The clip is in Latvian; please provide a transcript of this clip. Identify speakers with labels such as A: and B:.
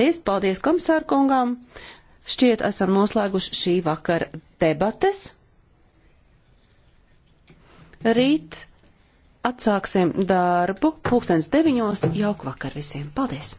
A: Paldies, paldies komisārkungām. Šķiet, esam noslēguši šī vakara debates. Rīt atsāksim darbu pulkstens deviņos. Jauk vakar visiem. Paldies!